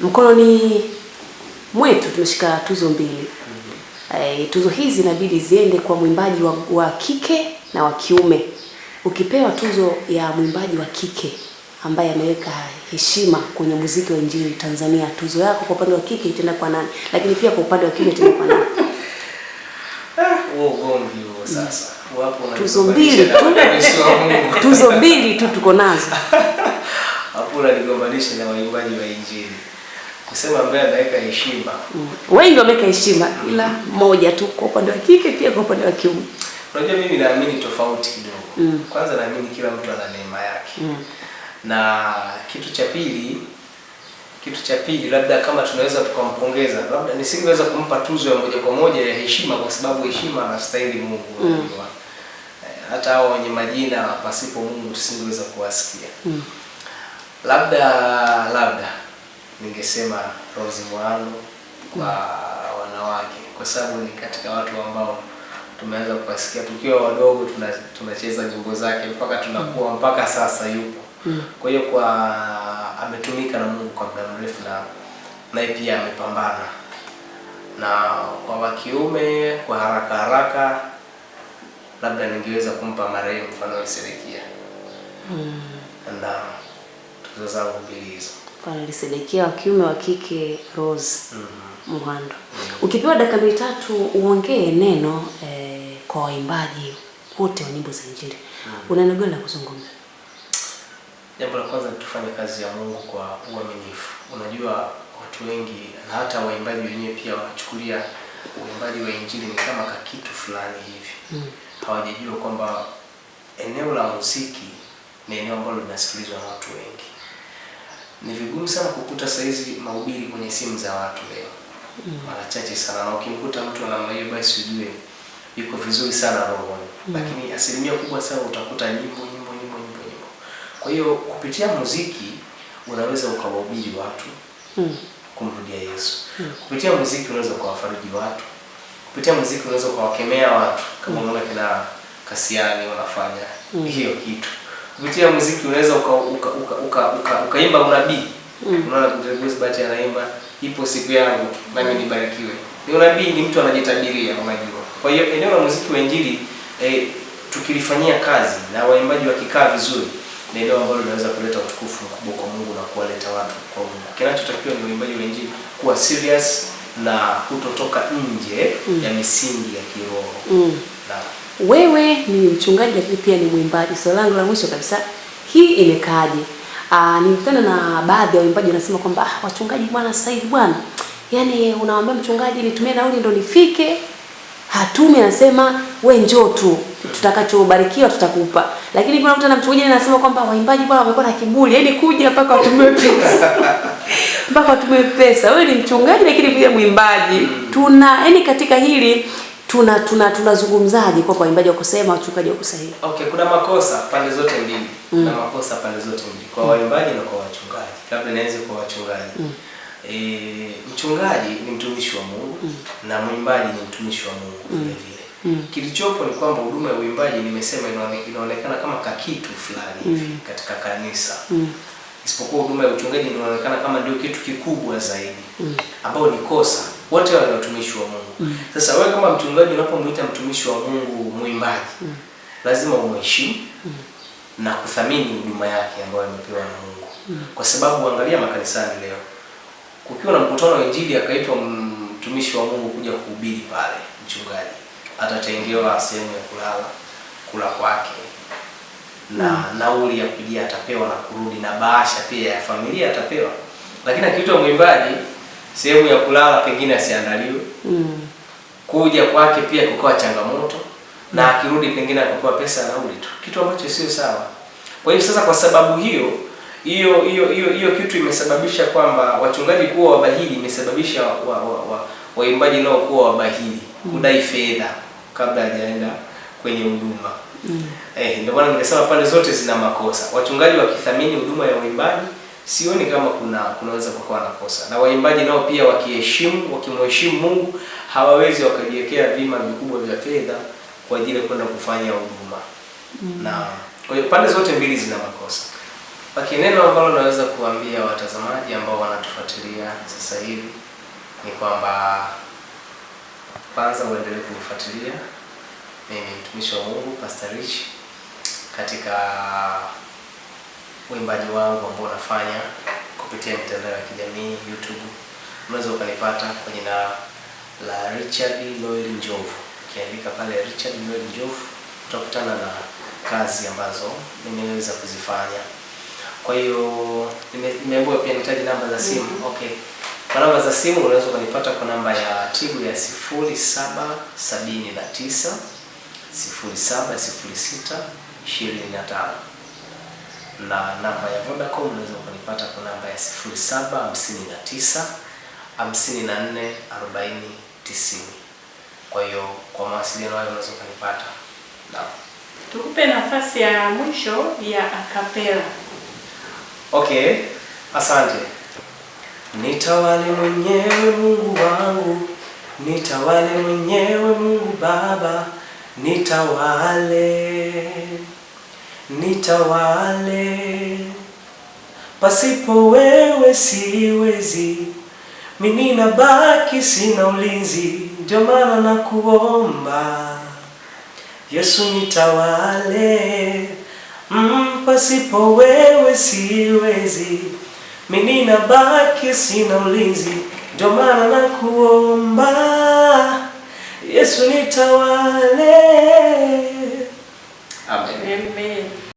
mkononi mwetu tumeshika tuzo mbili. E, tuzo hizi inabidi ziende kwa mwimbaji wa, wa kike na wa kiume. Ukipewa tuzo ya mwimbaji wa kike ambaye ameweka heshima kwenye muziki wa injili Tanzania, tuzo yako kwa upande wa kike itaenda kwa nani? Lakini pia kwa upande wa kiume itaenda kwa nani? Eh, tuzo mbili tu, tuzo mbili tu tuko nazo. Hapo unanigombanisha na waimbaji wa injili kusema ambaye ameweka heshima. mm. Wengi wameweka heshima, ila moja tu kwa upande wa kike, pia kwa upande wa kiume. Unajua, mimi naamini tofauti kidogo mm. Kwanza naamini kila mtu ana neema yake mm. na kitu cha pili kitu cha pili, labda kama tunaweza tukampongeza, labda nisingeweza kumpa tuzo ya moja kwa moja ya heshima, kwa sababu heshima anastahili Mungu mm. hata hao wenye majina pasipo Mungu tusingeweza kuwasikia mm. labda labda ningesema Rose Mwalo kwa wanawake, kwa sababu ni katika watu ambao tumeanza kuwasikia tukiwa wadogo, tunacheza tuna nyimbo zake mpaka tunakuwa mm. mpaka sasa yupo. Mm. Kwa hiyo kwa ametumika na Mungu kwa muda mrefu, na naye pia amepambana na kwa wakiume. Kwa haraka haraka, labda ningeweza kumpa marehemu mfano Serikia. Mm za zao mbili hizo kwa Lisedekia, wa kiume wa kike Rose mm -hmm. Muhando mm -hmm. Ukipewa dakika mbili tatu uongee neno eh, kwa waimbaji wote wa nyimbo za Injili mm -hmm. Una neno gani la kuzungumza? Jambo la kwanza tufanye kazi ya Mungu kwa uaminifu. Unajua watu wengi na hata waimbaji wenyewe pia wanachukulia uimbaji wa Injili ni kama kakitu fulani hivi mm -hmm. Hawajajua kwamba eneo la muziki ni eneo ambalo linasikilizwa na watu wengi mm ni vigumu sana kukuta saizi mahubiri kwenye simu za watu leo mm. mara chache sana, na ukimkuta mtu namna hiyo, basi ujue yuko vizuri sana rohoni mm. lakini asilimia kubwa sana utakuta nyimbo nyimbo nyimbo nyimbo nyimbo. Kwa hiyo kupitia muziki unaweza ukawahubiri watu mm. kumrudia Yesu mm. kupitia muziki unaweza ukawafariji watu, kupitia muziki unaweza ukawakemea watu kama mm. unaona kina Kasiani wanafanya mm. hiyo kitu kupitia muziki unaweza ukaimba uka, uka, uka, uka unabii. Mm. Unaona Bahati anaimba ipo siku yangu nami nibarikiwe. Ni unabii, ni mtu anajitabiria, unajua. Kwa hiyo eneo la muziki wa injili eh, tukilifanyia kazi na waimbaji wakikaa vizuri ni eneo ambalo linaweza kuleta utukufu mkubwa kwa Mungu na kuwaleta watu kwa Mungu. Kinachotakiwa ni waimbaji wa injili kuwa serious na kutotoka nje mm. ya misingi ya kiroho. Mm. Na wewe ni mchungaji lakini pia ni mwimbaji. Swali langu la mwisho kabisa, hii imekaaje? Ah, nimekutana na baadhi ya waimbaji wanasema kwamba ah, wachungaji bwana sasa hivi bwana. Yaani unawaambia mchungaji nitumie nauli ndo nifike. Hatumi anasema we njoo tu. Tutakachobarikiwa tutakupa. Lakini kuna mtu anamchungaji anasema kwamba waimbaji bwana wamekuwa na kiburi. Yaani kuja mpaka watumie pesa. mpaka watumie pesa. Wewe ni mchungaji lakini pia mwimbaji. Hmm. Tuna yaani katika hili tuna tuna tunazungumzaje kwa waimbaji wa kusema wachukaji wa kusahihi? Okay, kuna makosa pande zote mbili. Mm. Kuna makosa pande zote mbili kwa mm. waimbaji na kwa wachungaji. Labda naweze kwa wachungaji. Mm. E, mchungaji ni mtumishi wa Mungu mm. na mwimbaji ni mtumishi wa Mungu mm. vile mm. vile. Mm. Kilichopo ni kwamba huduma ya uimbaji nimesema inaonekana kama kakitu fulani mm. hivi mm. katika kanisa. Mm. Isipokuwa huduma ya uchungaji inaonekana kama ndio kitu kikubwa zaidi mm. ambao ni kosa wote wale watumishi wa Mungu mm. Sasa wewe kama mchungaji unapomuita mtumishi wa Mungu mwimbaji mm. lazima umheshimu mm. na kuthamini huduma yake ambayo amepewa na Mungu mm. kwa sababu angalia makanisani leo, kukiwa na mkutano wa Injili akaitwa mtumishi wa Mungu kuja kuhubiri pale, mchungaji atatengewa sehemu ya kulala, kula kwake na mm. nauli ya kujia atapewa na kurudi, na bahasha pia ya familia atapewa, lakini akiitwa mwimbaji sehemu ya kulala pengine asiandaliwe mm. kuja kwake pia kukawa changamoto mm. na akirudi pengine akakuwa pesa nauli tu, kitu ambacho sio sawa. Kwa hiyo sasa, kwa sababu hiyo hiyo hiyo hiyo hiyo kitu imesababisha kwamba wachungaji kuwa wabahili, imesababisha wa, wa, wa, waimbaji nao kuwa wabahili mm. kudai fedha kabla hajaenda kwenye huduma mm. Eh, ndio maana nimesema pande zote zina makosa. Wachungaji wakithamini huduma ya waimbaji sioni kama kuna kunaweza kukawa na kosa. Na waimbaji nao pia wakiheshimu, wakimheshimu Mungu hawawezi wakajiwekea vima vikubwa vya fedha kwa ajili ya kwenda kufanya huduma mm. na kwa hiyo pande zote mbili zina makosa. Lakini neno ambalo naweza kuambia watazamaji ambao wanatufuatilia sasa hivi ni kwamba kwanza uendelee kunifuatilia mimi mtumishi wa Mungu Pastor Rich katika uimbaji wangu ambao nafanya kupitia mitandao ya kijamii YouTube. Unaweza ukanipata kwa jina la Richard Noel Njovu. Ukiandika pale Richard Noel Njovu utakutana na kazi ambazo nimeweza kuzifanya. Kwa hiyo nimeambiwa pia nitaji namba za simu. Mm -hmm. Okay. Kwa namba za simu unaweza ukanipata kwa namba ya timu ya 0779 0706 25 na namba ya Vodacom unaweza kunipata kwa namba ya 0759 54 Kwa hiyo kwa mawasiliano hayo unaweza kunipata. Tukupe nafasi ya mwisho ya akapela. Okay, asante. Nitawale mwenyewe Mungu wangu, nitawale mwenyewe Mungu Baba, nitawale nitawale, pasipo wewe siwezi, mimi nabaki sina ulinzi, ndio maana nakuomba Yesu nitawale, mm, pasipo wewe siwezi, mimi nabaki sina ulinzi, ndio maana nakuomba Yesu nitawale Amen. Amen.